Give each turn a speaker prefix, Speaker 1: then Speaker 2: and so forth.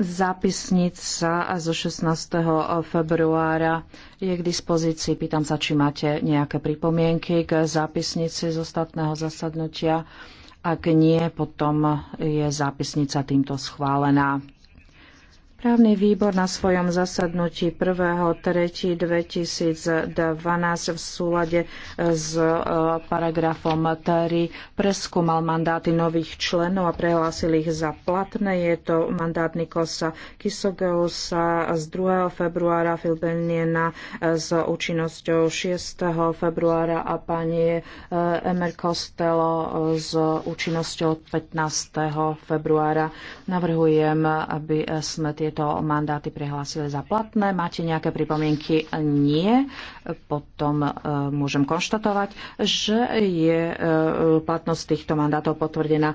Speaker 1: Zápisnica zo 16. februára je k dispozícii. Pýtam sa, či máte nejaké pripomienky k zápisnici z ostatného zasadnutia. Ak nie, potom je zápisnica týmto schválená. Právny výbor na svojom zasadnutí 1.3.2012 v súlade e, s e, paragrafom 3 preskúmal mandáty nových členov a prehlásil ich za platné. Je to mandát Nikosa Kisogeusa z 2. februára, Filbeniena e, s účinnosťou 6. februára a pani Emer Costello s účinnosťou 15. februára. Navrhujem, aby sme tie tieto mandáty prehlásili za platné. Máte nejaké pripomienky? Nie. Potom e, môžem konštatovať, že je e,
Speaker 2: platnosť týchto mandátov potvrdená.